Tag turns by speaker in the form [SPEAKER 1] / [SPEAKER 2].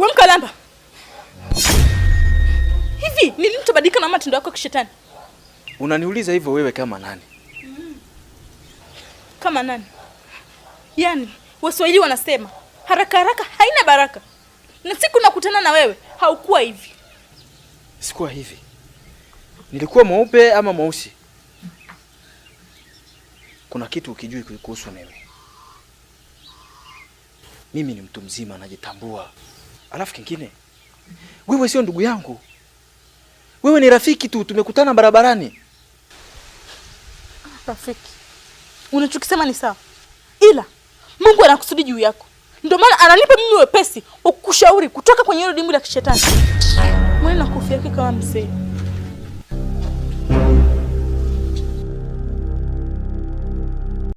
[SPEAKER 1] We Mkalamba, hivi ni lini tabadilika na matendo yako kishetani?
[SPEAKER 2] Unaniuliza hivyo wewe kama nani? Mm.
[SPEAKER 1] Kama nani? Yaani Waswahili wanasema haraka haraka haina baraka, na siku nakutana na wewe haukuwa hivi.
[SPEAKER 2] Sikuwa hivi? Nilikuwa mweupe ama mweusi? Kuna kitu ukijui kuhusu mimi. Mimi ni mtu mzima najitambua. Alafu kingine, wewe sio ndugu yangu, wewe ni rafiki tu, tumekutana barabarani.
[SPEAKER 1] Ah, rafiki unachokisema ni sawa, ila Mungu anakusudi juu yako, ndio maana ananipa mimi wepesi ukushauri kutoka kwenye hilo dimbwi la kishetani. Mwana na yake kama mzee